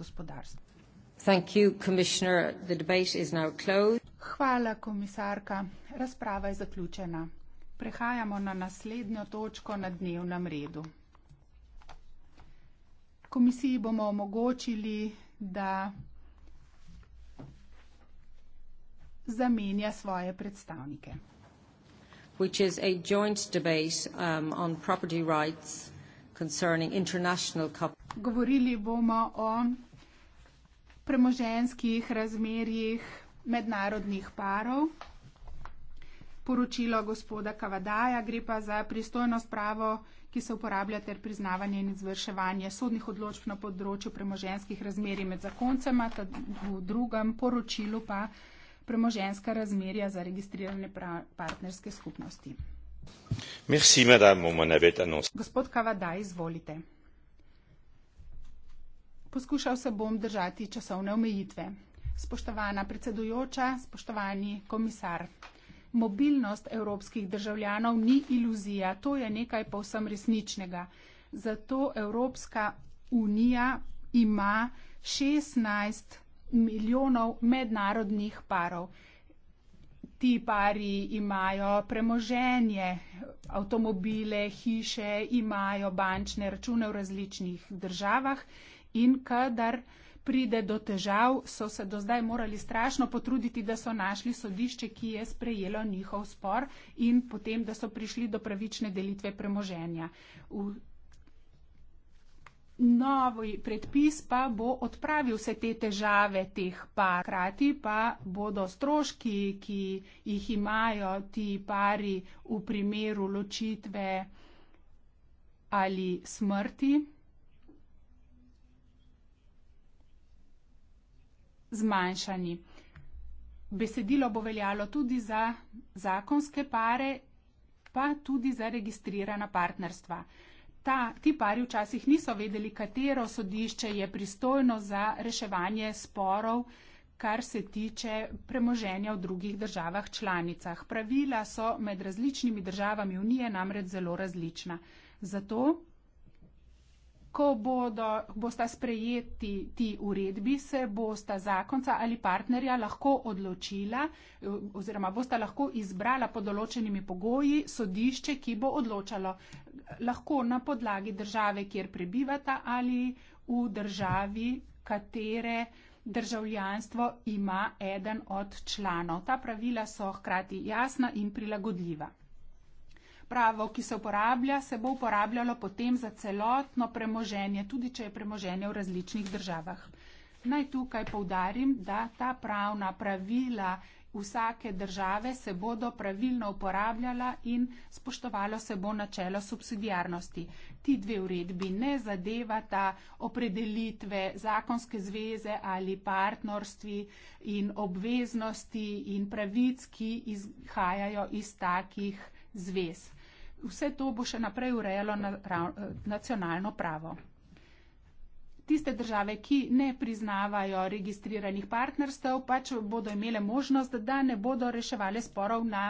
gospodarstva. Thank you, commissioner. The debate is now closed. Hvala, komisarka. Razprava je zaključena. Prehajamo na naslednjo točko na dnevnem redu. Komisiji bomo omogočili, da zamenja svoje predstavnike. Which is a joint debate um, on property rights concerning international couples. Govorili bomo o premoženskih razmerjih mednarodnih parov. Poročilo gospoda Kavadaja gre pa za pristojnost pravo, ki se uporablja ter priznavanje in izvrševanje sodnih odločb na področju premoženskih razmerij med zakoncema, v drugem poročilu pa premoženska razmerja za registrirane partnerske skupnosti. Merci, madame, gospod Kavadaj, izvolite. Poskušal se bom držati časovne omejitve. Spoštovana predsedujoča, spoštovani komisar. Mobilnost evropskih državljanov ni iluzija, to je nekaj povsem resničnega. Zato Evropska unija ima 16 milijonov mednarodnih parov. Ti pari imajo premoženje, avtomobile, hiše, imajo bančne račune v različnih državah in kadar pride do težav, so se do zdaj morali strašno potruditi, da so našli sodišče, ki je sprejelo njihov spor in potem, da so prišli do pravične delitve premoženja. V Novi predpis pa bo odpravil vse te težave teh par. Hkrati pa bodo stroški, ki jih imajo ti pari v primeru ločitve ali smrti, zmanjšani. Besedilo bo veljalo tudi za zakonske pare, pa tudi za registrirana partnerstva. Ta, ti pari včasih niso vedeli, katero sodišče je pristojno za reševanje sporov, kar se tiče premoženja v drugih državah članicah. Pravila so med različnimi državami Unije namreč zelo različna. Zato ko bodo, bosta sprejeti ti uredbi, se bosta zakonca ali partnerja lahko odločila oziroma bosta lahko izbrala pod določenimi pogoji sodišče, ki bo odločalo lahko na podlagi države, kjer prebivata ali v državi, katere državljanstvo ima eden od članov. Ta pravila so hkrati jasna in prilagodljiva pravo, ki se uporablja, se bo uporabljalo potem za celotno premoženje, tudi če je premoženje v različnih državah. Naj tukaj povdarim, da ta pravna pravila vsake države se bodo pravilno uporabljala in spoštovalo se bo načelo subsidijarnosti. Ti dve uredbi ne zadevata opredelitve zakonske zveze ali partnerstvi in obveznosti in pravic, ki izhajajo iz takih zvez vse to bo še naprej urejalo na prav, eh, nacionalno pravo. Tiste države, ki ne priznavajo registriranih partnerstev, pač bodo imele možnost, da ne bodo reševali sporov na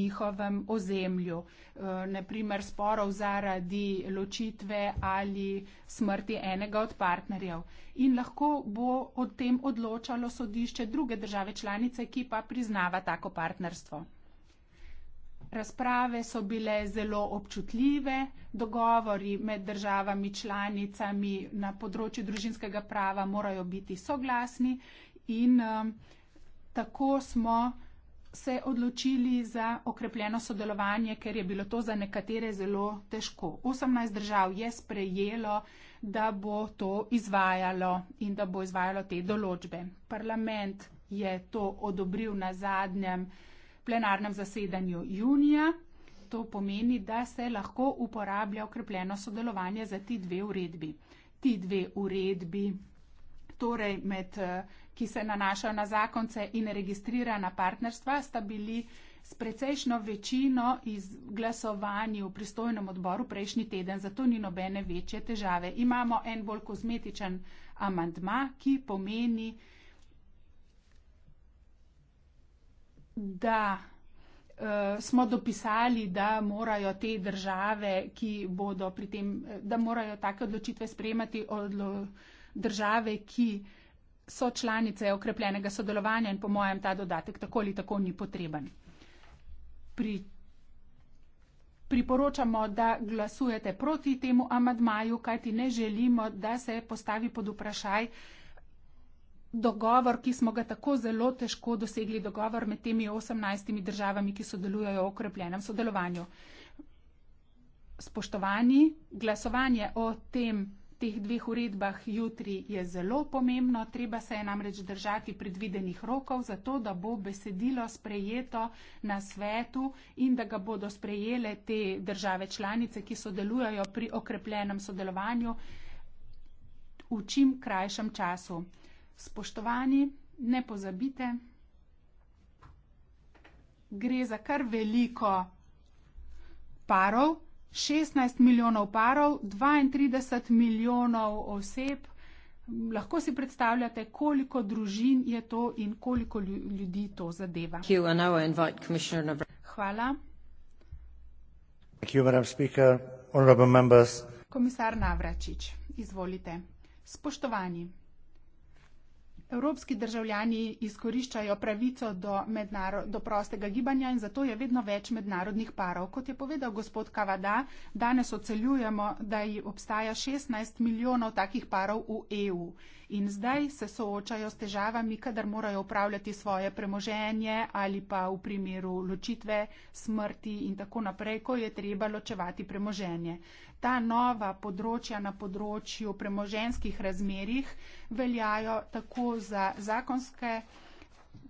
njihovem ozemlju. Eh, Naprimer sporov zaradi ločitve ali smrti enega od partnerjev. In lahko bo o tem odločalo sodišče druge države članice, ki pa priznava tako partnerstvo razprave so bile zelo občutljive, dogovori med državami članicami na področju družinskega prava morajo biti soglasni in um, tako smo se odločili za okrepljeno sodelovanje, ker je bilo to za nekatere zelo težko. 18 držav je sprejelo, da bo to izvajalo in da bo izvajalo te določbe. Parlament je to odobril na zadnjem plenarnem zasedanju junija. To pomeni, da se lahko uporablja okrepljeno sodelovanje za ti dve uredbi. Ti dve uredbi, torej med, eh, ki se nanašajo na zakonce in registrirana partnerstva, sta bili s precejšno večino iz glasovanja v pristojnem odboru prejšnji teden, zato ni nobene večje težave. Imamo en bolj kozmetičen amantma, ki pomeni, da uh, smo dopisali, da morajo te države, ki bodo pri tem, eh, da morajo take odločitve sprejemati odlo, države, ki so članice okrepljenega sodelovanja in po mojem ta dodatek tako ali tako ni potreben. Pri, priporočamo, da glasujete proti temu amadmaju, kajti ne želimo, da se postavi pod vprašaj uh, dogovor, ki smo ga tako zelo težko dosegli, dogovor med temi 18 državami, ki sodelujejo v okrepljenem sodelovanju. Spoštovani, glasovanje o tem, teh dveh uredbah jutri je zelo pomembno, treba se je namreč držati predvidenih rokov, zato da bo besedilo sprejeto na svetu in da ga bodo sprejele te države članice, ki sodelujejo pri okrepljenem sodelovanju v čim krajšem času. Spoštovani, ne pozabite, gre za kar veliko parov, šestnajst milijonov parov, dvaintrideset milijonov oseb. Lahko si predstavljate, koliko družin je to in koliko ljudi to zadeva. Hvala. Komisar Navračič, izvolite. Spoštovani. Evropski državljani izkoriščajo pravico do, do prostega gibanja in zato je vedno več mednarodnih parov. Kot je povedal gospod Kavada, danes oceljujemo, da obstaja 16 milijonov takih parov v EU in zdaj se soočajo s težavami, kadar morajo upravljati svoje premoženje ali pa v primeru ločitve, smrti in tako naprej, ko je treba ločevati premoženje ta nova področja na področju premoženskih razmerjih veljajo tako za zakonske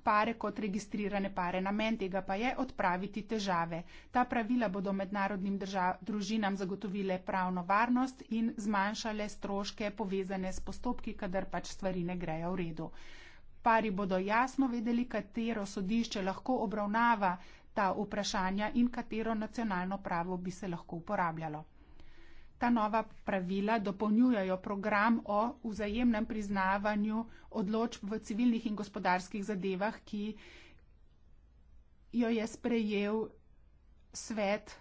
pare kot registrirane pare. Namen tega pa je odpraviti težave. Ta pravila bodo mednarodnim držav, družinam zagotovile pravno varnost in zmanjšale stroške povezane s postopki, kadar pač stvari ne grejo v redu. Pari bodo jasno vedeli, katero sodišče lahko obravnava ta vprašanja in katero nacionalno pravo bi se lahko uporabljalo ta nova pravila dopolnjujejo program o vzajemnem priznavanju odločb v civilnih in gospodarskih zadevah, ki jo je sprejel svet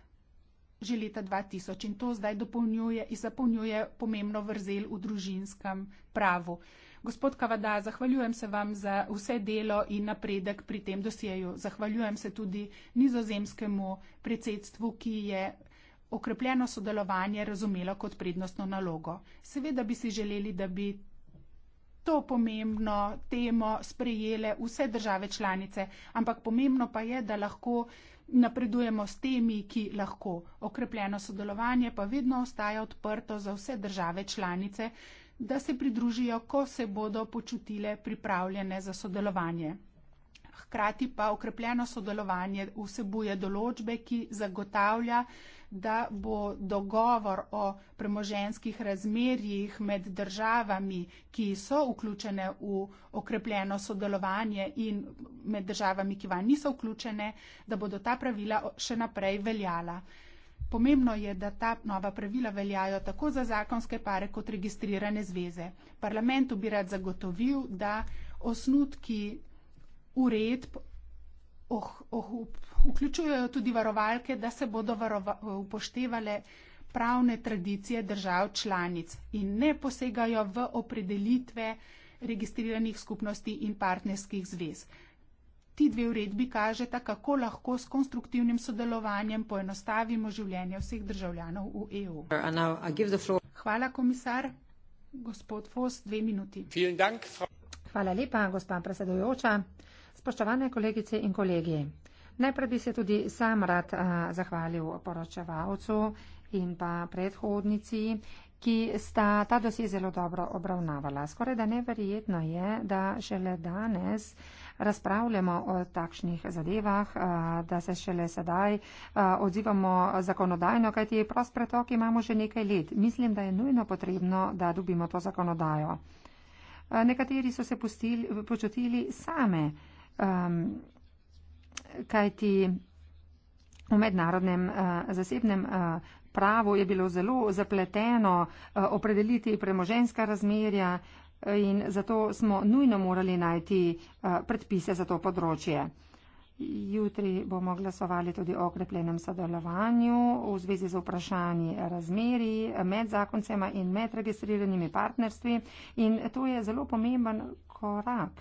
že leta 2000 in to zdaj dopolnjuje in zapolnjuje pomembno vrzel v družinskem pravu. Gospod Kavada, zahvaljujem se vam za vse delo in napredek pri tem dosjeju. Zahvaljujem se tudi nizozemskemu predsedstvu, ki je okrepljeno sodelovanje razumelo kot prednostno nalogo. Seveda bi si želeli, da bi to pomembno temo sprejele vse države članice, ampak pomembno pa je, da lahko napredujemo s temi, ki lahko. Okrepljeno sodelovanje pa vedno ostaja odprto za vse države članice, da se pridružijo, ko se bodo počutile pripravljene za sodelovanje hkrati pa okrepljeno sodelovanje vsebuje določbe, ki zagotavlja, da bo dogovor o premoženskih razmerjih med državami, ki so vključene v okrepljeno sodelovanje in med državami, ki vanj niso vključene, da bodo ta pravila še naprej veljala. Pomembno je, da ta nova pravila veljajo tako za zakonske pare kot registrirane zveze. Parlamentu bi rad zagotovil, da osnutki uredb oh, oh, vključujejo tudi varovalke, da se bodo upoštevale pravne tradicije držav članic in ne posegajo v opredelitve registriranih skupnosti in partnerskih zvez. Ti dve uredbi kažeta, kako lahko s konstruktivnim sodelovanjem poenostavimo življenje vseh državljanov v EU. Hvala, komisar. Gospod Fos, dve minuti. Hvala lepa, gospa predsedujoča. Spoštovane kolegice in kolegi, najprej bi se tudi sam rad a, zahvalil poročevalcu in pa predhodnici, ki sta ta dosi zelo dobro obravnavala. Skoraj da neverjetno je, da šele danes razpravljamo o takšnih zadevah, a, da se šele sedaj a, odzivamo zakonodajno, kajti prost pretok imamo že nekaj let. Mislim, da je nujno potrebno, da dobimo to zakonodajo. A, nekateri so se pustili, počutili same um, kajti v mednarodnem uh, zasebnem. Uh, eh, Pravo je bilo zelo zapleteno eh, opredeliti premoženska razmerja in zato smo nujno morali najti predpise za to področje. Jutri bomo glasovali tudi o okrepljenem sodelovanju v zvezi z vprašanji razmeri med zakoncema in med registriranimi partnerstvi in to je zelo pomemben korak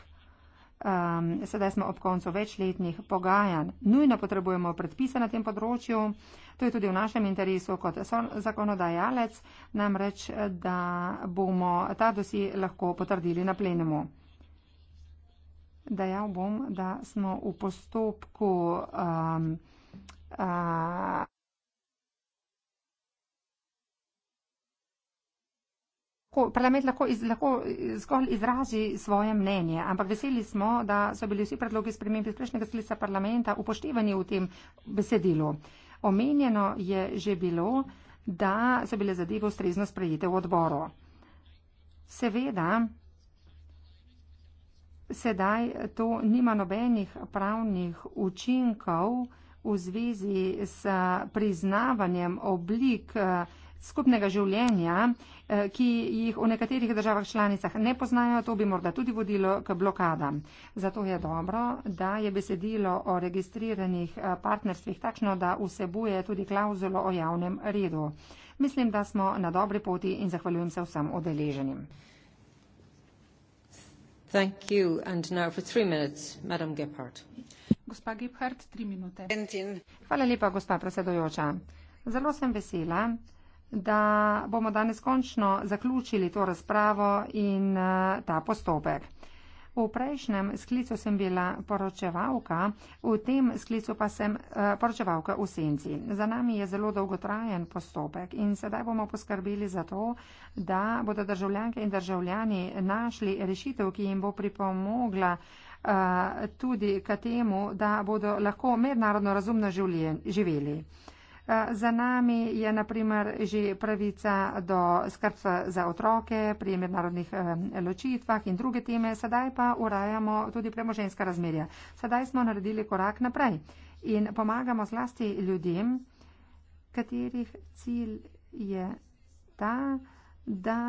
um, sedaj smo ob koncu večletnih pogajanj. Nujno potrebujemo predpise na tem področju. To je tudi v našem interesu kot zakonodajalec, namreč, da bomo ta dosi lahko potrdili na plenumu. Dejal bom, da smo v postopku. Um, uh, Parlament lahko, iz, lahko eh, zgolj izrazi svoje mnenje, ampak veseli smo, da so bili vsi predlogi sprememb iz prejšnjega sklica parlamenta upoštevani v tem besedilu. Omenjeno je že bilo, da so bile zadeve ustrezno sprejete v odboru. Seveda, sedaj to nima nobenih pravnih učinkov v zvezi s priznavanjem oblik eh, skupnega življenja, eh, ki jih v nekaterih državah članicah ne poznajo, to bi morda tudi vodilo k blokadam. Zato je dobro, da je besedilo o registriranih eh, partnerstvih takšno, da vsebuje tudi klauzulo o javnem redu. Mislim, da smo na dobri poti in zahvaljujem se vsem odeleženim. Thank you and now for three minutes, Madam Gephardt. Gospa Gephardt, tri minute. Hvala lepa, gospa predsedojoča. Zelo sem vesela, da bomo danes končno zaključili to razpravo in eh, ta postopek. V prejšnjem sklicu sem bila poročevalka, v tem sklicu pa sem eh, poročevalka v senci. Za nami je zelo dolgotrajen postopek in sedaj bomo poskrbeli za to, da bodo državljanke in državljani našli rešitev, ki jim bo pripomogla eh, tudi k temu, da bodo lahko mednarodno razumno živeli. Eh, za nami je naprimer že pravica do skrbstva za otroke pri mednarodnih eh, ločitvah in druge teme, sedaj pa urajamo tudi premoženska razmerja. Sedaj smo naredili korak naprej in pomagamo zlasti ljudem, katerih cilj je ta, da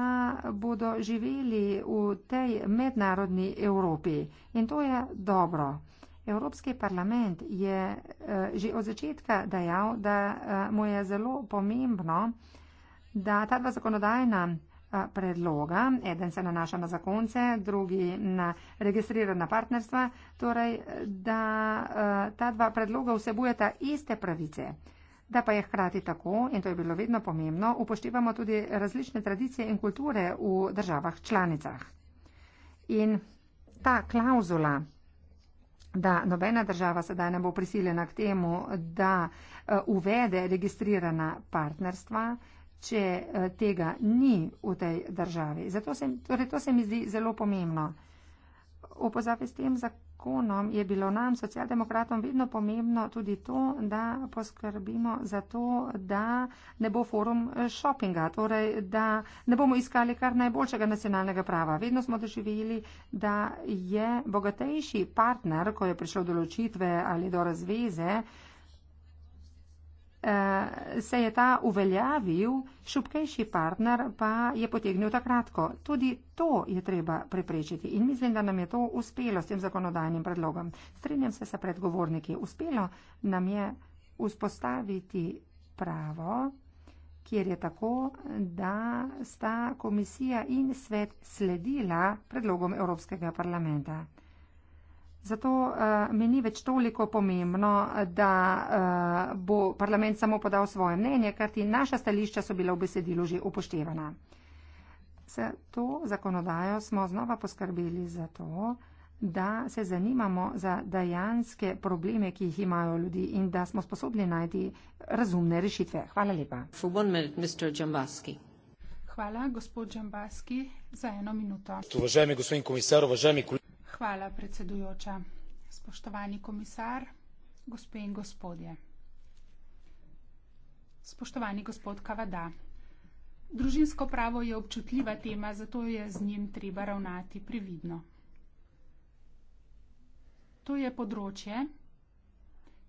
bodo živeli v tej mednarodni Evropi. In to je dobro. Evropski parlament je eh, že od začetka dejal, da eh, mu je zelo pomembno, da ta dva zakonodajna eh, predloga, eden se nanaša na zakonce, drugi na registrirana partnerstva, torej, da ta dva predloga vsebujeta iste pravice, da pa je hkrati tako, in to je bilo vedno pomembno, upoštevamo tudi različne tradicije in kulture v državah članicah. In ta klauzula, da nobena država sedaj ne bo prisiljena k temu, da eh, uvede registrirana partnerstva, če eh, tega ni v tej državi. Zato se, torej to se mi zdi zelo pomembno. Opozavi s tem, zakaj zakonom je bilo nam, socialdemokratom, vedno pomembno tudi to, da poskrbimo za to, da ne bo forum eh, šopinga, torej da ne bomo iskali kar najboljšega nacionalnega prava. Vedno smo doživeli, da je bogatejši partner, ko je prišel do ločitve ali do razveze, eh, se je ta uveljavil, šupkejši partner pa je potegnil takrat. Tudi to je treba preprečiti in mislim, da nam je to uspelo s tem zakonodajnim predlogom. Strenjam se sa predgovorniki. Uspelo nam je vzpostaviti pravo, kjer je tako, da sta komisija in svet sledila predlogom Evropskega parlamenta. Zato uh, mi ni več toliko pomembno, da uh, bo parlament samo podal svoje mnenje, ker ti naša stališča so bila v besedilu že upoštevana. Se to zakonodajo smo znova poskrbeli za to, da se zanimamo za dejanske probleme, ki jih imajo ljudi in da smo sposobni najti razumne rešitve. Hvala lepa. Hvala, gospod Džambaski, za eno minuto. Hvala, predsedujoča. Spoštovani komisar, gospe in gospodje. Spoštovani gospod Kavada. Družinsko pravo je občutljiva tema, zato je z njim treba ravnati previdno. To je področje,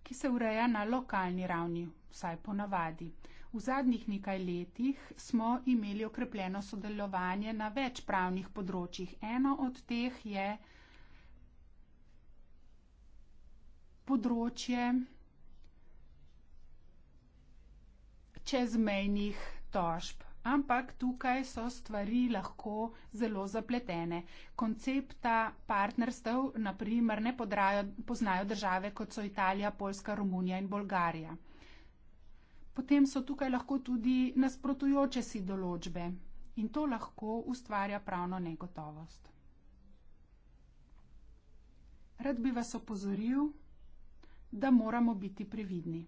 ki se ureja na lokalni ravni, vsaj po navadi. V zadnjih nekaj letih smo imeli okrepljeno sodelovanje na več pravnih področjih. Eno od teh je področje čezmejnih tožb. Ampak tukaj so stvari lahko zelo zapletene. Koncepta partnerstev, naprimer, ne podrajo, poznajo države, kot so Italija, Poljska, Romunija in Bolgarija. Potem so tukaj lahko tudi nasprotujoče si določbe in to lahko ustvarja pravno negotovost. Rad bi vas opozoril, da moramo biti previdni.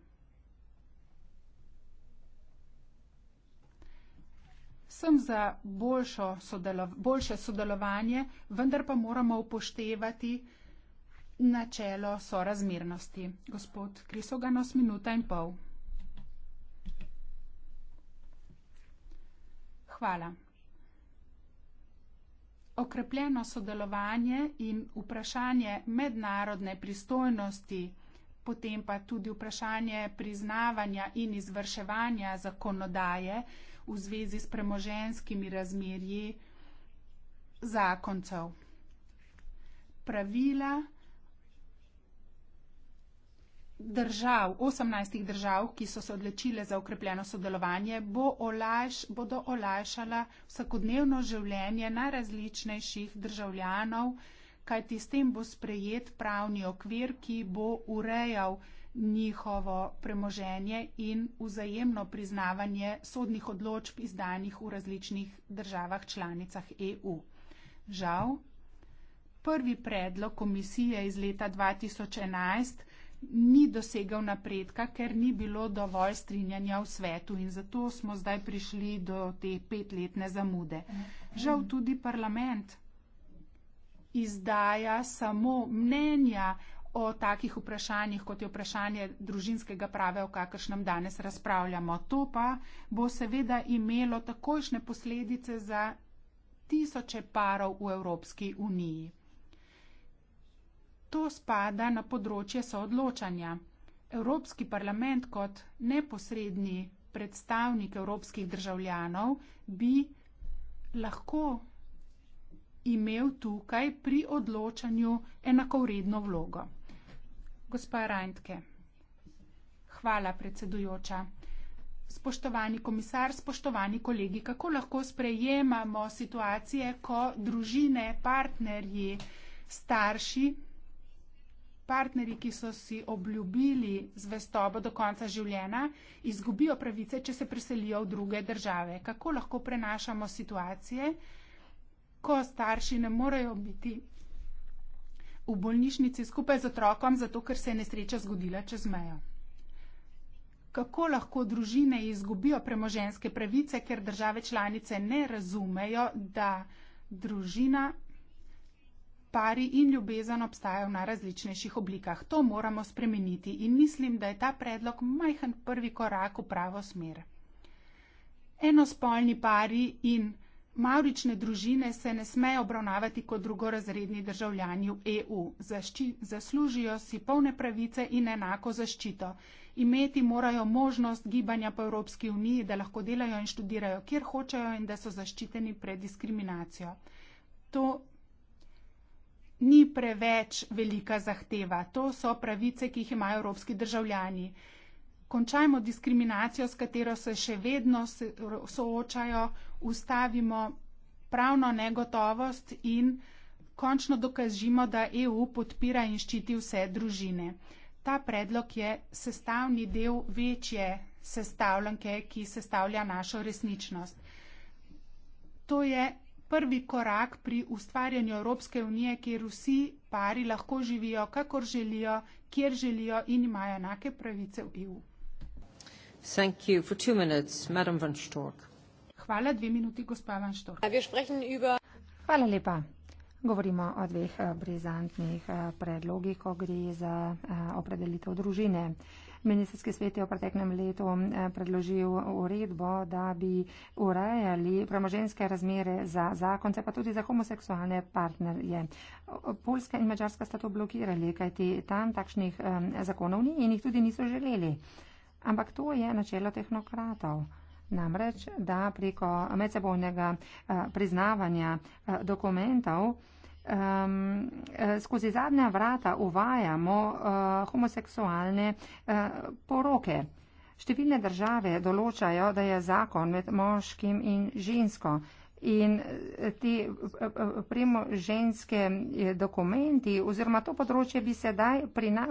Sem za boljšo sodelov, boljše sodelovanje, vendar pa moramo upoštevati načelo sorazmernosti. Gospod Krisoganos, minuta in pol. Hvala. Okrepljeno sodelovanje in vprašanje mednarodne pristojnosti potem pa tudi vprašanje priznavanja in izvrševanja zakonodaje v zvezi s premoženskimi razmerji zakoncev. Pravila držav, 18 držav, ki so se odločile za ukrepljeno sodelovanje, bo olajš, bodo olajšala vsakodnevno življenje najrazličnejših državljanov kajti s tem bo sprejet pravni okvir, ki bo urejal njihovo premoženje in vzajemno priznavanje sodnih odločb izdanih v različnih državah članicah EU. Žal, prvi predlog komisije iz leta 2011 ni dosegal napredka, ker ni bilo dovolj strinjanja v svetu in zato smo zdaj prišli do te petletne zamude. Žal tudi parlament izdaja samo mnenja o takih vprašanjih, kot je vprašanje družinskega prava, o kakršnem danes razpravljamo. To pa bo seveda imelo takojšne posledice za tisoče parov v Evropski uniji. To spada na področje soodločanja. Evropski parlament kot neposredni predstavnik evropskih državljanov bi lahko imel tukaj pri odločanju enakovredno vlogo. Gospa Rajntke. Hvala, predsedujoča. Spoštovani komisar, spoštovani kolegi, kako lahko sprejemamo situacije, ko družine, partnerji, starši, partnerji, ki so si obljubili zvestobo do konca življenja, izgubijo pravice, če se preselijo v druge države? Kako lahko prenašamo situacije, ko starši ne morejo biti v bolnišnici skupaj z otrokom, zato ker se je nesreča zgodila čez mejo. Kako lahko družine izgubijo premoženske pravice, ker države članice ne razumejo, da družina, pari in ljubezen obstajajo na različnejših oblikah. To moramo spremeniti in mislim, da je ta predlog majhen prvi korak v pravo smer. Enospolni pari in ljubezen. Mavrične družine se ne smejo obravnavati kot drugorazredni državljani v EU. Zašči, zaslužijo si polne pravice in enako zaščito. Imeti morajo možnost gibanja po Evropski uniji, da lahko delajo in študirajo, kjer hočejo in da so zaščiteni pred diskriminacijo. To ni preveč velika zahteva. To so pravice, ki jih imajo evropski državljani končajmo diskriminacijo, s katero se še vedno soočajo, ustavimo pravno negotovost in končno dokažimo, da EU podpira in ščiti vse družine. Ta predlog je sestavni del večje sestavljanke, ki sestavlja našo resničnost. To je prvi korak pri ustvarjanju Evropske unije, kjer vsi pari lahko živijo, kakor želijo, kjer želijo in imajo enake pravice v EU. Thank you. For two minutes, Madam Van Stork. Hvala dve minuti, gospa Van Stork. Ja, Hvala lepa. Govorimo o dveh eh, brizantnih eh, predlogih, ko gre za eh, opredelitev družine. Ministrski svet je v preteklem letu predložil uredbo, da bi urejali premoženske razmere za zakonce, pa tudi za homoseksualne partnerje. Poljska in Mačarska sta to blokirali, kajti tam takšnih zakonov ni in jih tudi niso želeli. Ampak to je načelo tehnokratov. Namreč, da preko medsebojnega eh, priznavanja eh, dokumentov um, skozi zadnja vrata uvajamo uh, homoseksualne uh, poroke. Številne države določajo, da je zakon med moškim in žensko. In eh, ti eh, eh, premoženske dokumenti oziroma to področje bi se daj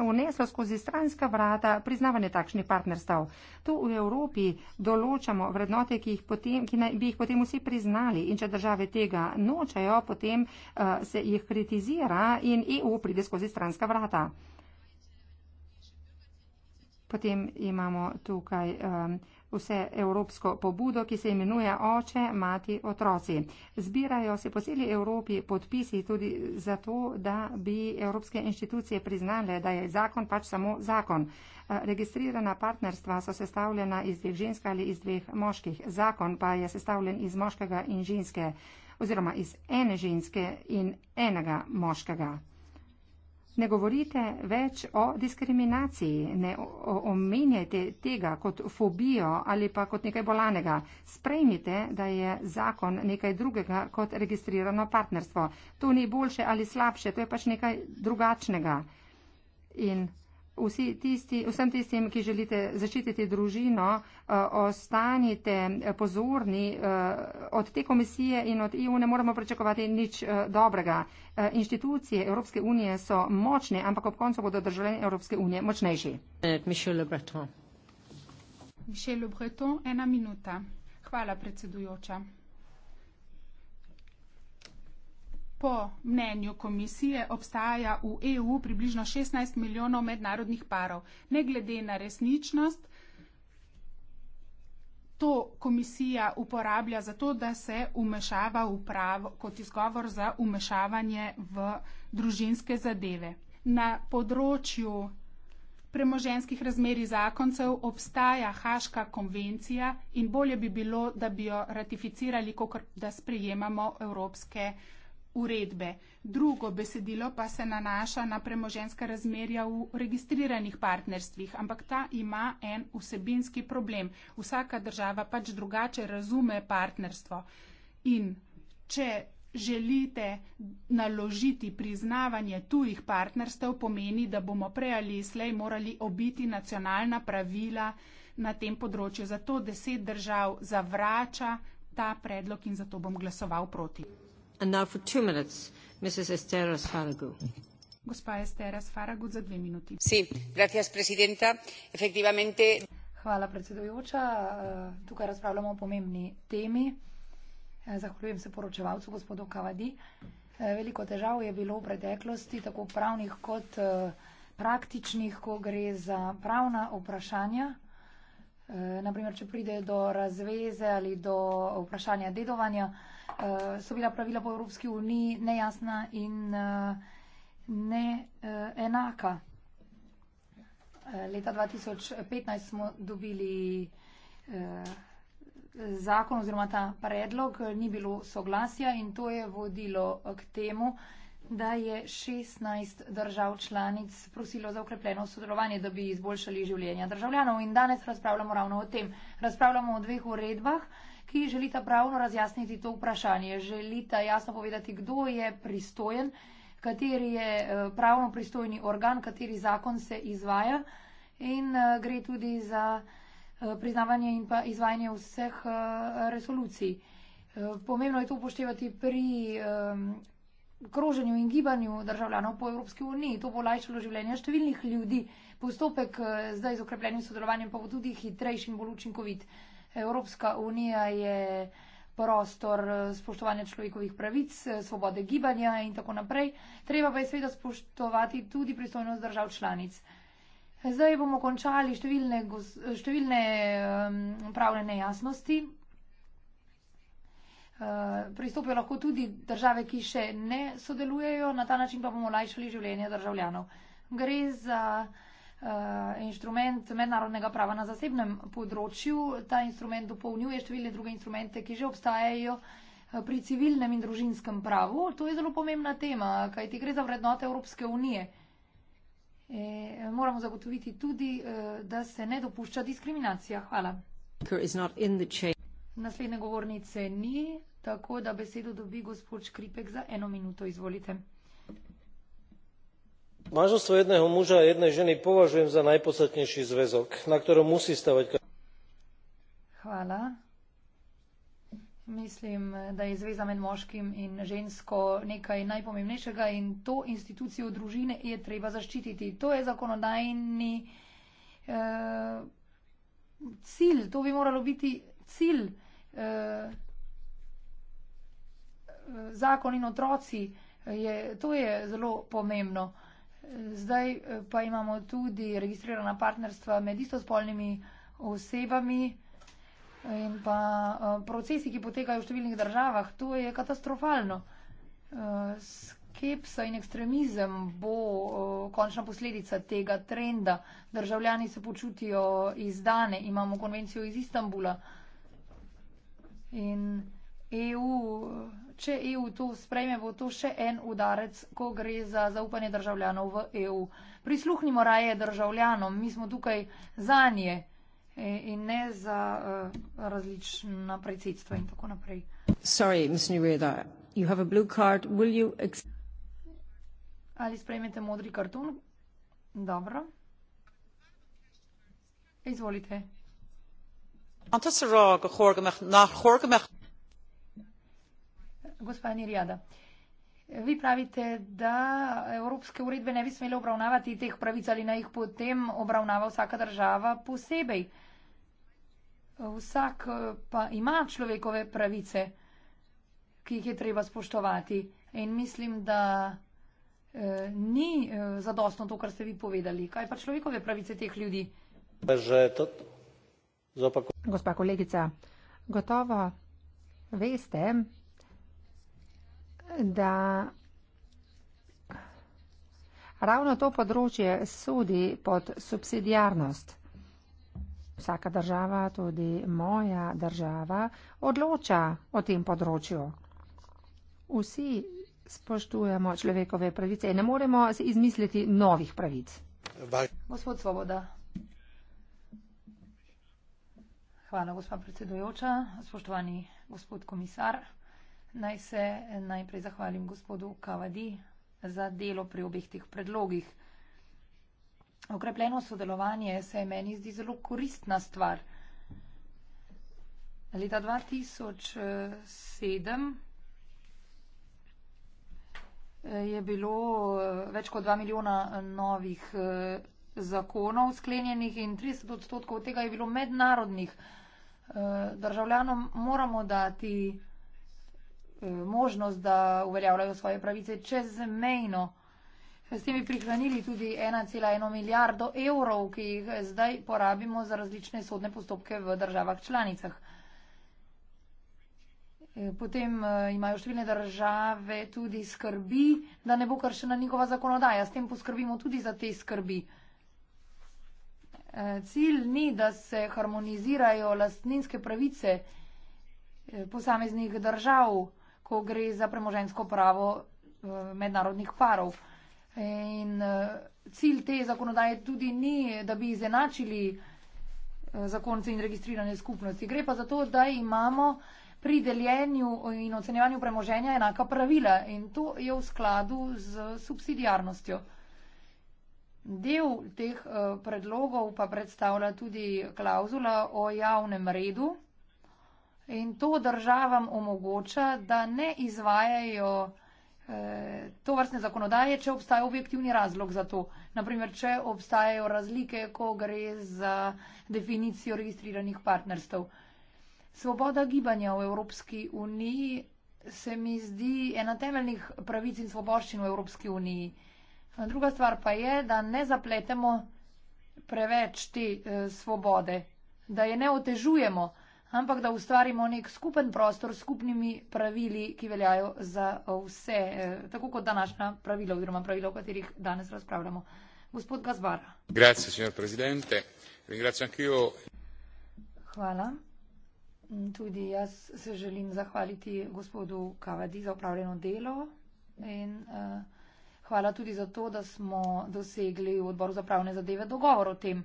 uneslo skozi stranska vrata priznavanje takšnih partnerstav. Tu v Evropi določamo vrednote, ki, potem, ki naj, bi jih potem vsi priznali in če države tega nočajo, potem uh, se jih kritizira in EU pride skozi stranska vrata. Potem imamo tukaj. Um, vse evropsko pobudo, ki se imenuje Oče, Mati, Otroci. Zbirajo se po celi Evropi podpisi tudi zato, da bi evropske inštitucije priznale, da je zakon pač samo zakon. Eh, registrirana partnerstva so sestavljena iz dveh žensk ali iz dveh moških. Zakon pa je sestavljen iz moškega in ženske oziroma iz ene ženske in enega moškega. Ne govorite več o diskriminaciji, ne omenjajte tega kot fobijo ali pa kot nekaj bolanega. Sprejmite, da je zakon nekaj drugega kot registrirano partnerstvo. To ni boljše ali slabše, to je pač nekaj drugačnega. In Vsi tisti, vsem tistim, ki želite zaščititi družino, eh, ostanite pozorni. Eh, od te komisije in od EU ne moremo pričakovati nič eh, dobrega. Inštitucije Evropske unije so močne, ampak ob koncu bodo državljani Evropske unije močnejši. Mišel Le Breton. Mišel Le Breton, ena minuta. Hvala, predsedujoča. po mnenju komisije obstaja v EU približno 16 milijonov mednarodnih parov. Ne glede na resničnost, to komisija uporablja zato, da se umešava v pravo kot izgovor za umešavanje v družinske zadeve. Na področju premoženskih razmeri zakoncev obstaja Haška konvencija in bolje bi bilo, da bi jo ratificirali, kot da sprejemamo evropske uredbe. Drugo besedilo pa se nanaša na premoženska razmerja v registriranih partnerstvih, ampak ta ima en vsebinski problem. Vsaka država pač drugače razume partnerstvo. In če želite naložiti priznavanje tujih partnerstev, pomeni, da bomo prej ali slej morali obiti nacionalna pravila na tem področju. Zato deset držav zavrača ta predlog in zato bom glasoval proti. And now for two minutes, Mrs. Esther Asfaragu. Gospa Esther Asfaragu za dve minuti. Sí, gracias, presidenta. Efectivamente... Hvala, predsedujoča. Eh, tukaj razpravljamo o pomembni temi. Eh, zahvaljujem se poročevalcu, gospodu Kavadi. Eh, veliko težav je bilo v preteklosti, tako pravnih kot praktičnih, ko gre za pravna vprašanja. Naprimer, če pride do razveze ali do vprašanja dedovanja, Eh, so bila pravila po Evropski uniji nejasna in eh, neenaka. Eh, leta 2015 smo dobili zakon oziroma ta predlog, ni bilo soglasja in to je vodilo k temu, da je 16 držav članic prosilo za ukrepljeno sodelovanje, da bi izboljšali življenja državljanov. In danes razpravljamo ravno o tem. Razpravljamo o dveh uredbah, ki želita pravno razjasniti to vprašanje, želita jasno povedati, kdo je pristojen, kateri je eh, pravno pristojni organ, kateri zakon se izvaja in eh, gre tudi za eh, priznavanje in pa izvajanje vseh resolucij. Pomembno je to upoštevati pri kroženju in gibanju državljanov po Evropski uniji. To bo lajšalo življenje številnih ljudi. Postopek zdaj z okrepljenim sodelovanjem pa bo tudi hitrejši in bolj učinkovit. Evropska unija je prostor eh, spoštovanja človekovih pravic, eh, svobode gibanja in tako naprej. Treba pa je seveda spoštovati tudi pristojnost držav članic. Zdaj bomo končali številne, številne pravne nejasnosti. Eh, pristopijo lahko tudi države, ki še ne sodelujejo, na ta način pa bomo lajšali življenje državljanov. Gre za. Eh, inštrument mednarodnega prava na zasebnem področju. Ta instrument dopolnjuje številne druge instrumente, ki že obstajajo eh, pri civilnem in družinskem pravu. To je zelo pomembna tema, kaj ti gre za vrednote Evropske unije. E, moramo zagotoviti tudi, da se ne dopušča diskriminacija. Hvala. Naslednje govornice ni, tako da besedo dobi gospod Škripek za eno minuto. Izvolite manželstvo jedného muža a jednej ženy považujem za najpodstatnejší zväzok, na ktorom musí stavať... Hvala. Mislim, da je zveza med moškim in žensko nekaj najpomembnejšega in to institucijo družine je treba zaščititi. To je zakonodajni eh, cilj, to bi moralo biti cilj. Eh, zakon in otroci, eh, je, to je zelo pomembno. Eh, Zdaj eh, pa imamo tudi registrirana partnerstva med istospolnimi osebami in pa eh, procesi, ki potekajo v številnih državah. To je katastrofalno. Eh, skepsa in ekstremizem bo končna posledica tega trenda. Državljani se počutijo izdane. Imamo konvencijo iz Istanbula. In EU če EU to sprejme, bo to še en udarec, ko gre za zaupanje državljanov v EU. Prisluhnimo raje državljanom, mi smo tukaj za nje e, in ne za e, različna predsedstva in tako naprej. Sorry, Ms. Nureda, you have a blue card, will you... Ali sprejmete modri karton? Dobro. Izvolite. Antasarag, a chorgamach, na chorgamach gospa Nirjada. Vi pravite, da evropske uredbe ne bi smele obravnavati teh pravic ali naj jih potem obravnava vsaka država posebej. Vsak eh, pa ima človekove pravice, ki jih je treba spoštovati. In mislim, da eh, ni eh, zadostno to, kar ste vi povedali. Kaj pa človekove pravice teh ljudi? Gospa kolegica, gotovo veste, da ravno to področje sodi pod subsidijarnost. Vsaka država, tudi moja država, odloča o tem področju. Vsi spoštujemo človekove pravice in ne moremo si izmisliti novih pravic. Gospod Svoboda. Hvala, gospod predsedujoča. Spoštovani gospod komisar. Naj se najprej zahvalim gospodu Kavadi za delo pri obeh teh predlogih. Okrepljeno sodelovanje se je meni zdi zelo koristna stvar. Leta 2007 je bilo več kot 2 milijona novih zakonov sklenjenih in 30 odstotkov tega je bilo mednarodnih. Državljanom moramo dati Eh, možnost, da uveljavljajo svoje pravice čezmejno. S tem bi prihranili tudi 1,1 milijardo evrov, ki jih zdaj porabimo za različne sodne postopke v državah članicah. Eh, potem eh, imajo številne države tudi skrbi, da ne bo kršena njihova zakonodaja. S tem poskrbimo tudi za te skrbi. Cilj ni, da se harmonizirajo lastninske pravice posameznih držav ko gre za premožensko pravo eh, mednarodnih parov. In eh, cilj te zakonodaje tudi ni, da bi izenačili eh, zakonce in registrirane skupnosti. Gre pa za to, da imamo pri deljenju in ocenjevanju premoženja enaka pravila in to je v skladu z subsidijarnostjo. Del teh predlogov pa predstavlja tudi klauzula o javnem redu In to državam omogoča, da ne izvajajo eh, to vrstne zakonodaje, če obstaja objektivni razlog za to. Naprimer, če obstajajo razlike, ko gre za definicijo registriranih partnerstv. Svoboda gibanja v Evropski uniji se mi zdi ena temeljnih pravic in svoboščin v Evropski uniji. Druga stvar pa je, da ne zapletemo preveč te eh, svobode, da je ne otežujemo ampak da ustvarimo nek skupen prostor s skupnimi pravili, ki veljajo za vse, eh, tako kot današnja pravila oziroma pravila, o katerih danes razpravljamo. Gospod Gazbar. Grazie, signor presidente. Ringrazio anch'io. Hvala. Tudi jaz se želim zahvaliti gospodu Kavadi za upravljeno delo in uh, hvala tudi za to, da smo dosegli v odboru za pravne zadeve dogovor o tem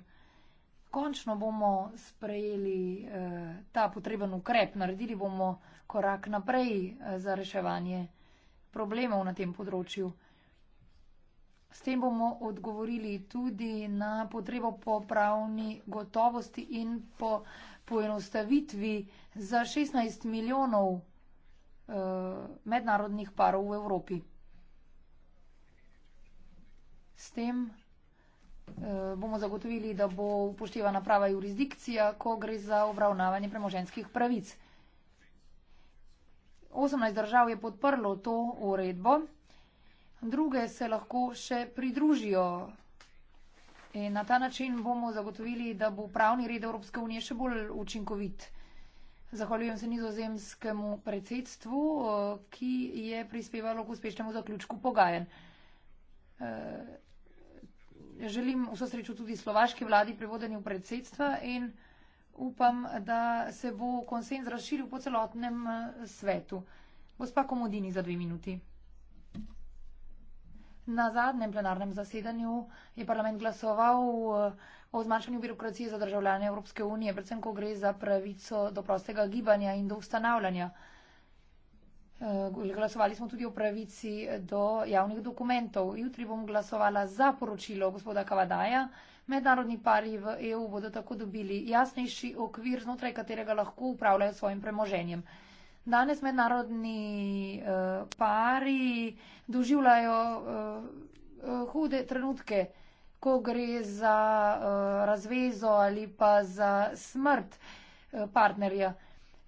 končno bomo sprejeli eh, ta potreben ukrep, naredili bomo korak naprej eh, za reševanje problemov na tem področju. S tem bomo odgovorili tudi na potrebo po pravni gotovosti in po poenostavitvi za 16 milijonov eh, mednarodnih parov v Evropi. S tem Eh, bomo zagotovili, da bo upoštevana prava jurisdikcija, ko gre za obravnavanje premoženskih pravic. 18 držav je podprlo to uredbo, druge se lahko še pridružijo. In na ta način bomo zagotovili, da bo pravni red Evropske unije še bolj učinkovit. Zahvaljujem se nizozemskemu predsedstvu, eh, ki je prispevalo k uspešnemu zaključku pogajanj. Eh, želim vso srečo tudi slovaški vladi pri vodenju predsedstva in upam, da se bo konsenz razširil po celotnem eh, svetu. Gospa Komodini za dve minuti. Na zadnjem plenarnem zasedanju je parlament glasoval eh, o zmanjšanju birokracije za državljane Evropske unije, predvsem ko gre za pravico do prostega gibanja in do ustanavljanja. Eh, glasovali smo tudi o pravici eh, do javnih dokumentov. Jutri bom glasovala za poročilo gospoda Kavadaja. Mednarodni pari v EU bodo tako dobili jasnejši okvir, znotraj katerega lahko upravljajo svojim premoženjem. Danes mednarodni eh, pari doživljajo hude trenutke, ko gre za razvezo ali pa za smrt partnerja.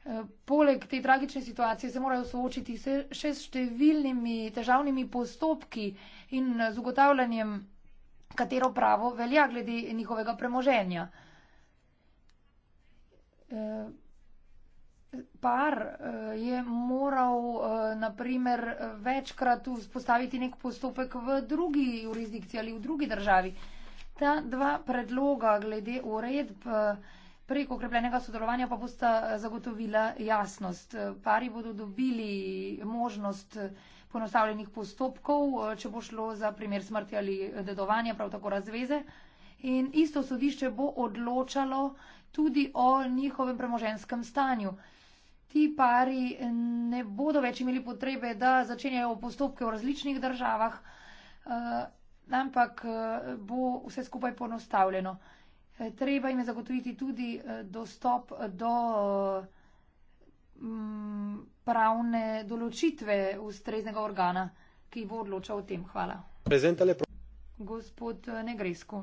Eh, poleg te tragične situacije se morajo soočiti še s številnimi težavnimi postopki in z ugotavljanjem, katero pravo velja glede njihovega premoženja. Eh, par eh, je moral naprimer večkrat vzpostaviti nek postopek v drugi jurisdikciji ali v drugi državi. Ta dva predloga glede uredb Prek okrepljenega sodelovanja pa boste eh, zagotovila jasnost. Eh, pari bodo dobili možnost eh, ponostavljenih postopkov, če bo šlo za primer smrti ali dedovanja, prav tako razveze. In isto sodišče bo odločalo tudi o njihovem premoženskem stanju. Ti pari ne bodo več imeli potrebe, da začenjajo postopke v različnih državah, ampak bo vse skupaj ponostavljeno. Eh, treba jim je zagotoviti tudi eh, dostop do mm, pravne določitve ustreznega organa, ki bo odločal o tem. Hvala. Gospod eh, Negresko.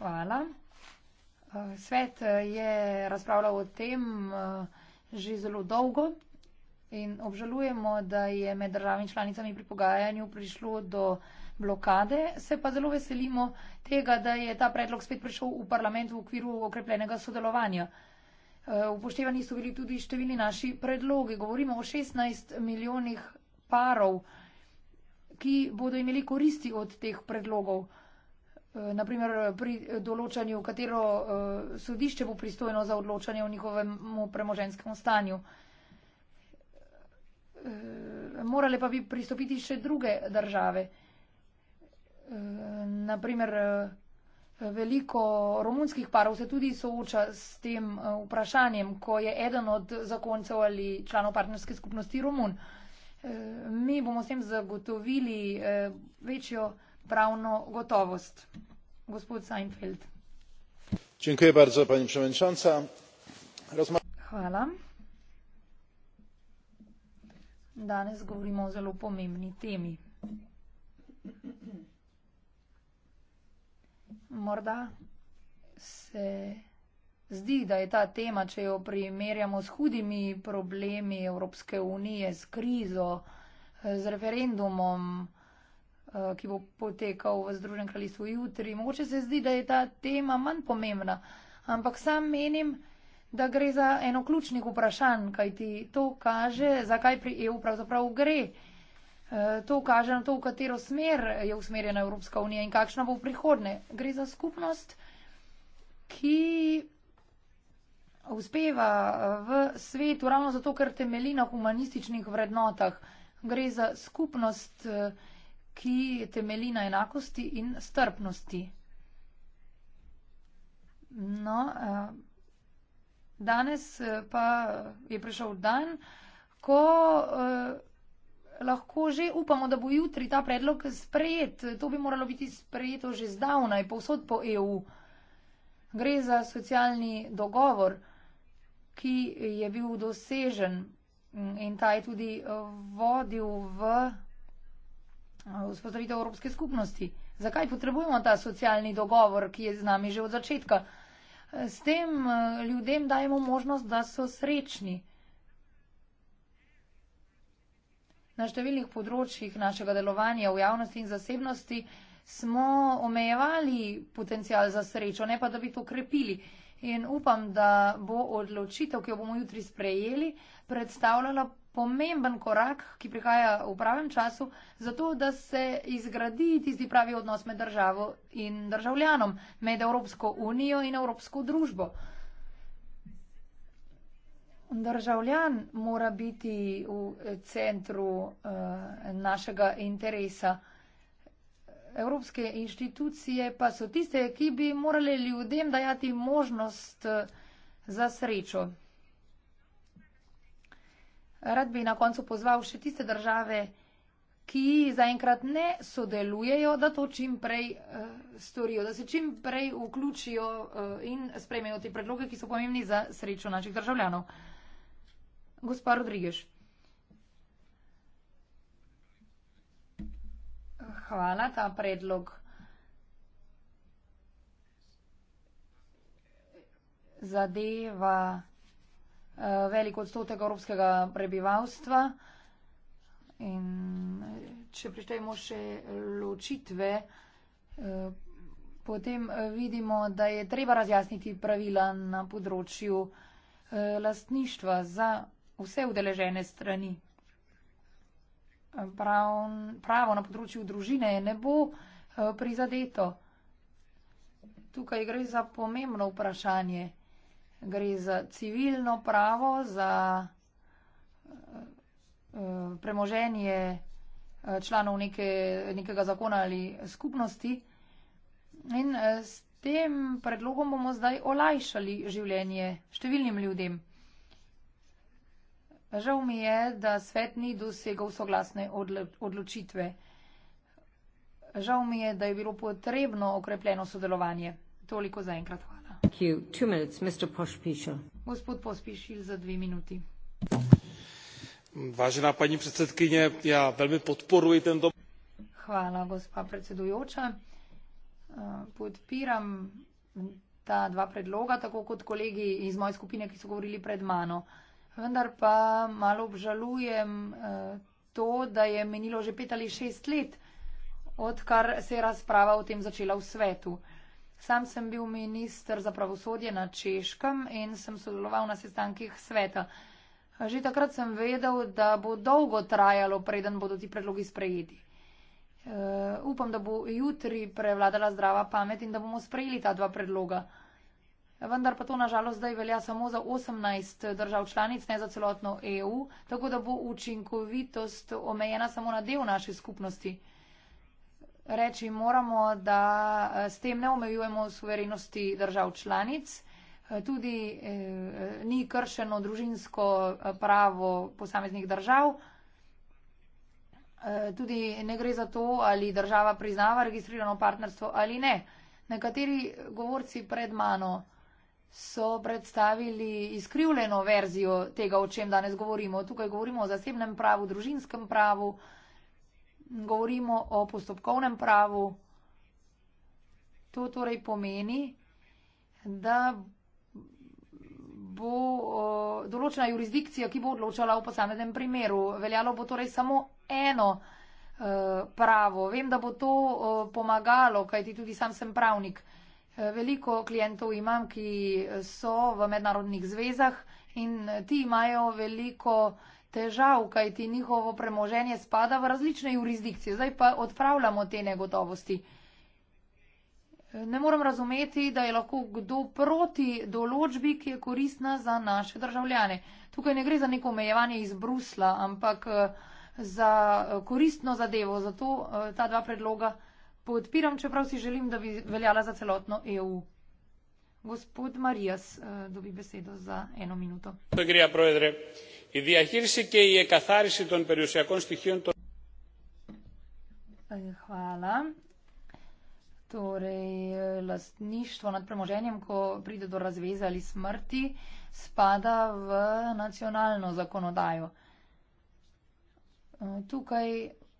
Hvala. Svet je razpravljal o tem že zelo dolgo in obžalujemo, da je med državami članicami pri pogajanju prišlo do blokade. Se pa zelo veselimo tega, da je ta predlog spet prišel v parlament v okviru okrepljenega sodelovanja. Eh, upoštevani so bili tudi številni naši predlogi. Govorimo o 16 milijonih parov, ki bodo imeli koristi od teh predlogov. Eh, Naprimer pri določanju, katero eh, sodišče bo pristojno za odločanje o njihovem premoženskem stanju. Eh, morale pa bi pristopiti še druge države. Eh, Naprimer, eh, veliko romunskih parov se tudi sooča s tem vprašanjem, ko je eden od zakoncev ali članov partnerske skupnosti Romun. Mi bomo s tem zagotovili večjo pravno gotovost. Gospod Seinfeld. Dziękuję bardzo, pani przewodnicząca. Rozma- Hvala. Danes govorimo o zelo pomembni temi. Morda se zdi, da je ta tema, če jo primerjamo s hudimi problemi Evropske unije, s krizo, z referendumom, eh, ki bo potekal v Združenem kraljestvu jutri, mogoče se zdi, da je ta tema manj pomembna. Ampak sam menim, da da gre za eno ključnih vprašanj, kaj ti to kaže, zakaj pri EU pravzaprav gre. E, to kaže na to, v katero smer je usmerjena Evropska unija in kakšna bo v prihodne. Gre za skupnost, ki uspeva e, v svetu ravno zato, ker temelji na humanističnih vrednotah. Gre za skupnost, e, ki temelji na enakosti in strpnosti. No, uh, Danes eh, pa je prišel dan, ko eh, lahko že upamo, da bo jutri ta predlog sprejet. To bi moralo biti sprejeto že zdavnaj, povsod po EU. Gre za socialni dogovor, ki je bil dosežen mm, in ta je tudi eh, vodil v vzpostavitev Evropske skupnosti. Zakaj potrebujemo ta socialni dogovor, ki je z nami že od začetka? s tem eh, ljudem dajemo možnost, da so srečni. Na številnih področjih našega delovanja v javnosti in zasebnosti smo omejevali potencial za srečo, ne pa da bi to krepili. In upam, da bo odločitev, ki jo bomo jutri sprejeli, predstavljala pomemben korak, ki prihaja v pravem času, zato da se izgradi tisti pravi odnos med državo in državljanom, med Evropsko unijo in Evropsko družbo. Državljan mora biti v centru uh, našega interesa. Evropske inštitucije pa so tiste, ki bi morali ljudem dajati možnost eh, za srečo. Rad bi na koncu pozval še tiste države, ki zaenkrat ne sodelujejo, da to čim prej uh, storijo, da se čim prej vključijo uh, in sprejmejo te predloge, ki so pomembni za srečo naših državljanov. Gospa Rodrigež. Hvala, ta predlog zadeva. Eh, velik odstotek evropskega prebivalstva. In eh, če prištejmo še ločitve, eh, potem vidimo, da je treba razjasniti pravila na področju lastništva za vse udeležene strani. Prav, pravo na področju družine ne bo prizadeto. Tukaj gre za pomembno vprašanje gre za civilno pravo, za eh, premoženje eh, članov neke, nekega zakona ali skupnosti. In eh, s tem predlogom bomo zdaj olajšali življenje številnim ljudem. Žal mi je, da svet ni dosegal soglasne odločitve. Žal mi je, da je bilo potrebno okrepljeno sodelovanje. Toliko za enkrat. Hvala. Thank you. Two minutes, Mr. Pospíšil. Gospod Pospíšil za dve minuti. Vážená pani predsedkyně, ja veľmi podporuji tento... Hvala, gospa predsedujoča. Eh, podpiram ta dva predloga, tako kot kolegi iz moje skupine, ki so govorili pred mano. Vendar pa malo obžalujem eh, to, da je menilo že pet ali šest let, odkar se je razprava o tem začela v svetu. Sam sem bil minister za pravosodje na Češkem in sem sodeloval na sestankih sveta. Že takrat sem vedel, da bo dolgo trajalo, preden bodo ti predlogi sprejeti. Uh, upam, da bo jutri prevladala zdrava pamet in da bomo sprejeli ta dva predloga. Vendar pa to nažalost zdaj velja samo za 18 držav članic, ne za celotno EU, tako da bo učinkovitost omejena samo na del naše skupnosti. Uh, reči moramo, da eh, s tem ne omejujemo suverenosti držav članic. Eh, tudi eh, ni kršeno družinsko eh, pravo posameznih držav. Eh, tudi ne gre za to, ali država priznava registrirano partnerstvo ali ne. Nekateri govorci pred mano so predstavili izkrivljeno verzijo tega, o čem danes govorimo. Tukaj govorimo o zasebnem pravu, družinskem pravu, eh, govorimo o postopkovnem pravu. To torej pomeni, da bo določena jurisdikcija, ki bo odločala v posameznem primeru. Veljalo bo torej samo eno e, pravo. Vem, da bo to pomagalo, kajti tudi sam sem pravnik. E, veliko klientov imam, ki so v mednarodnih zvezah in ti imajo veliko težav, kaj ti njihovo premoženje spada v različne jurisdikcije. Zdaj pa odpravljamo te negotovosti. Ne moram razumeti, da je lahko kdo proti določbi, ki je koristna za naše državljane. Tukaj ne gre za neko omejevanje iz Brusla, ampak eh, za eh, koristno zadevo. Zato eh, ta dva predloga podpiram, čeprav si želim, da bi veljala za celotno EU. Gospod Marijas dobi besedo za eno minuto. To gre, ja, provedre η διαχείριση και η εκαθάριση των περιουσιακών στοιχείων των. Hvala. Torej, lastništvo nad premoženjem, ko pride do razveza ali smrti, spada v nacionalno zakonodajo. Tukaj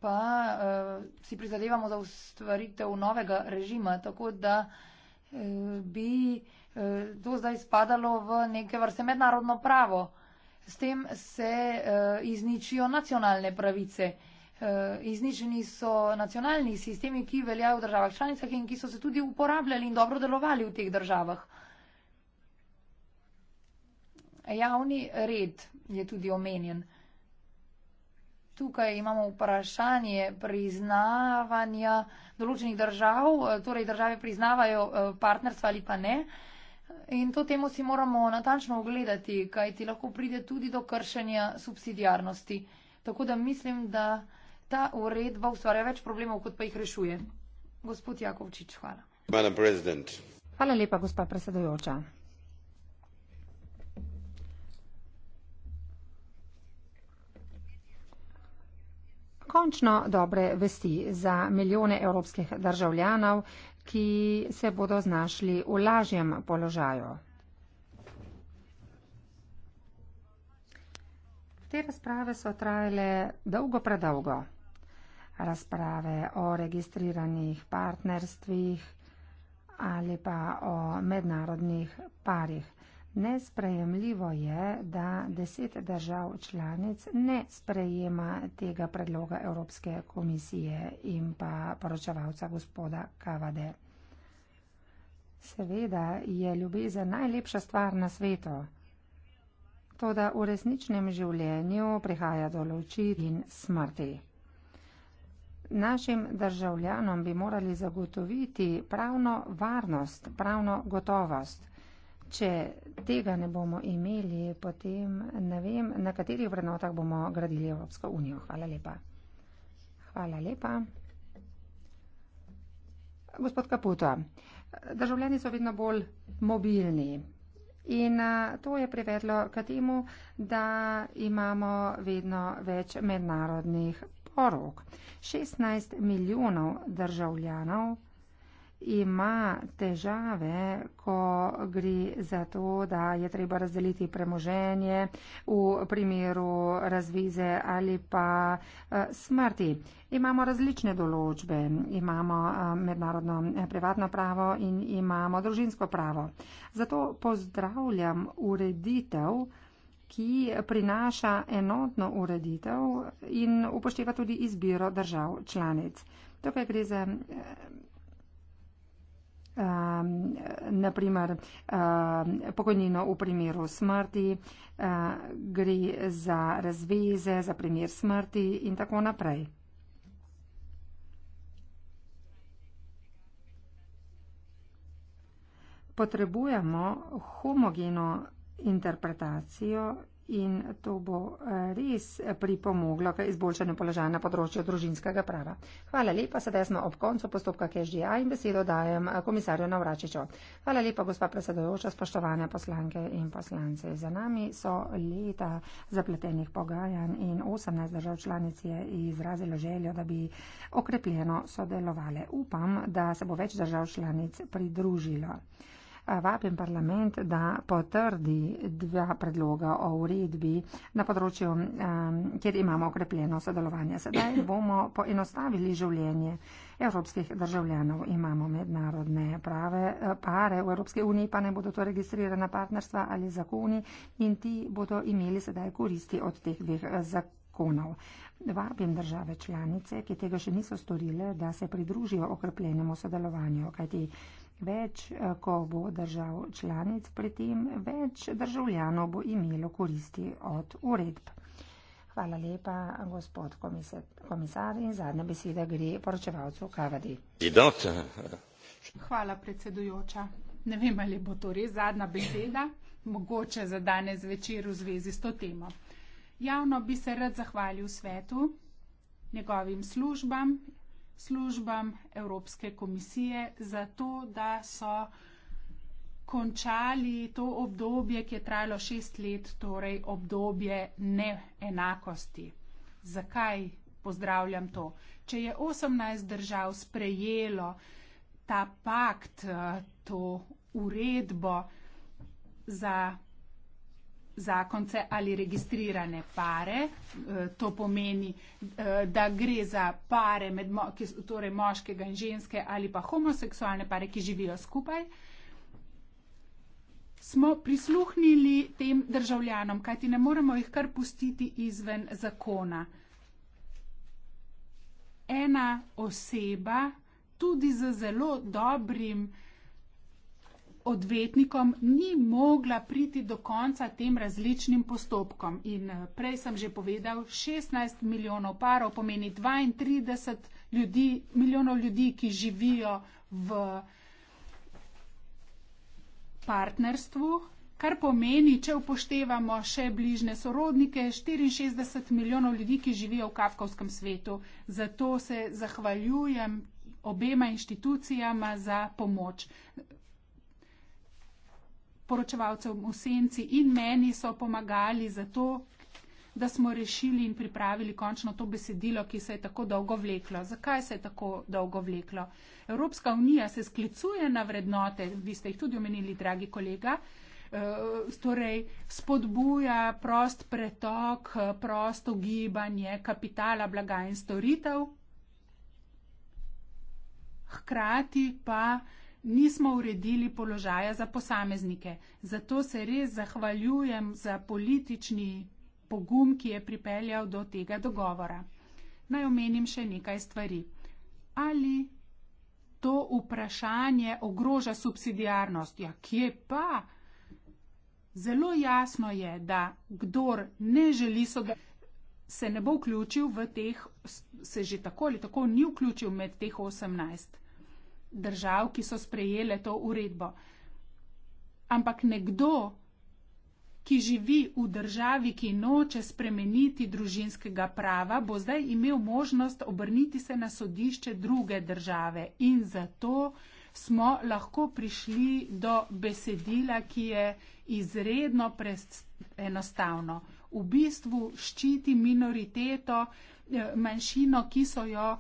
pa uh, si prizadevamo za ustvaritev novega režima, tako da uh, bi uh, to zdaj spadalo v neke vrste mednarodno pravo. Uh, S tem se uh, izničijo nacionalne pravice. Uh, izničeni so nacionalni sistemi, ki veljajo v državah članicah in ki so se tudi uporabljali in dobro delovali v teh državah. Javni red je tudi omenjen. Tukaj imamo vprašanje priznavanja določenih držav, eh, torej države priznavajo partnerstva ali pa ne. Uh, In to temo si moramo natančno ogledati, kaj ti lahko pride tudi do kršenja subsidijarnosti. Tako da mislim, da ta uredba ustvarja več problemov, kot pa jih rešuje. Gospod Jakovčič, hvala. Hvala lepa, gospa predsedojoča. Končno dobre vesti za milijone evropskih državljanov, ki se bodo znašli v lažjem položaju. Te razprave so trajale dolgo predolgo. Razprave o registriranih partnerstvih ali pa o mednarodnih parih. Nesprejemljivo je, da deset držav članic ne sprejema tega predloga Evropske komisije in pa poročevalca gospoda Kavade. Seveda je ljubezen najlepša stvar na svetu. Toda v resničnem življenju prihaja do ločitve in smrti. Našim državljanom bi morali zagotoviti pravno varnost, pravno gotovost. Če tega ne bomo imeli, potem ne vem, na katerih vrednotah bomo gradili Evropsko unijo. Hvala lepa. Hvala lepa. Gospod Kaputa, državljani so vedno bolj mobilni in to je privedlo k temu, da imamo vedno več mednarodnih porok. 16 milijonov državljanov ima težave, ko gre za to, da je treba razdeliti premoženje v primeru razvize ali pa eh, smrti. Imamo različne določbe, imamo eh, mednarodno eh, privatno pravo in imamo družinsko pravo. Zato pozdravljam ureditev ki prinaša enotno ureditev in upošteva tudi izbiro držav članic. Tukaj gre za Ehm, naprimer ehm, pokojnino v primeru smrti, ehm, gre za razveze, za primer smrti in tako naprej. Potrebujemo homogeno interpretacijo in to bo eh, res pripomoglo k izboljšanju položaja na področju družinskega prava. Hvala lepa, sedaj smo ob koncu postopka KSGA in besedo dajem eh, komisarju Navračiču. Hvala lepa, gospa predsedojoča, spoštovane poslanke in poslance. Za nami so leta zapletenih pogajanj in 18 držav članic je izrazilo željo, da bi okrepljeno sodelovali. Upam, da se bo več držav članic pridružilo vabim parlament, da potrdi dva predloga o uredbi na področju, kjer imamo okrepljeno sodelovanje. Sedaj bomo poenostavili življenje evropskih državljanov. Imamo mednarodne prave eh, pare v Evropske uniji, pa ne bodo to registrirana partnerstva ali zakoni in ti bodo imeli sedaj koristi od teh dveh eh, zakonov. Vabim države članice, ki tega še niso storile, da se pridružijo okrepljenemu sodelovanju, kajti Več, eh, ko bo držav članic pri tem, več državljanov bo imelo koristi od uredb. Hvala lepa, gospod komisar, komisar. In zadnja beseda gre poročevalcu Kavadi. Hvala, predsedujoča. Ne vem, ali bo to res zadnja beseda, mogoče za danes večer v zvezi s to temo. Javno bi se rad zahvalil svetu, njegovim službam službam Evropske komisije za to, da so končali to obdobje, ki je trajalo šest let, torej obdobje neenakosti. Zakaj pozdravljam to? Če je 18 držav sprejelo ta pakt, to uredbo za zakonce ali registrirane pare. Eh, to pomeni, eh, da gre za pare, med, torej moškega in ženske ali pa homoseksualne pare, ki živijo skupaj. Smo prisluhnili tem državljanom, kajti ne moremo jih kar pustiti izven zakona. Ena oseba, tudi z zelo dobrim odvetnikom ni mogla priti do konca tem različnim postopkom. In eh, prej sem že povedal, 16 milijonov parov pomeni 32 ljudi, milijonov ljudi, ki živijo v partnerstvu, kar pomeni, če upoštevamo še bližne sorodnike, 64 milijonov ljudi, ki živijo v kafkovskem svetu. Zato se zahvaljujem obema inštitucijama za pomoč poročevalcev v senci in meni so pomagali za to, da smo rešili in pripravili končno to besedilo, ki se je tako dolgo vleklo. Zakaj se je tako dolgo vleklo? Evropska unija se sklicuje na vrednote, vi ste jih tudi omenili, dragi kolega, eh, torej spodbuja prost pretok, prosto gibanje kapitala, blaga in storitev, hkrati pa nismo uredili položaja za posameznike. Zato se res zahvaljujem za politični pogum, ki je pripeljal do tega dogovora. Naj omenim še nekaj stvari. Ali to vprašanje ogroža subsidijarnost? Ja, kje pa? Zelo jasno je, da kdor ne želi sodelovati, se ne bo vključil v teh, se že tako ali tako ni vključil med teh 18 držav, ki so sprejele to uredbo. Ampak nekdo, ki živi v državi, ki noče spremeniti družinskega prava, bo zdaj imel možnost obrniti se na sodišče druge države. In zato smo lahko prišli do besedila, ki je izredno enostavno. V bistvu ščiti minoriteto, eh, manjšino, ki so jo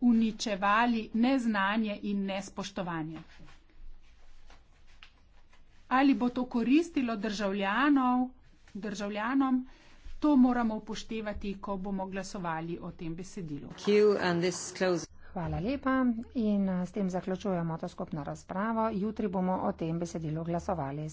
uničevali neznanje in nespoštovanje. Ali bo to koristilo državljanov, državljanom, to moramo upoštevati, ko bomo glasovali o tem besedilu. Hvala lepa in eh, s tem zaključujemo to skupno razpravo. Jutri bomo o tem besedilu glasovali.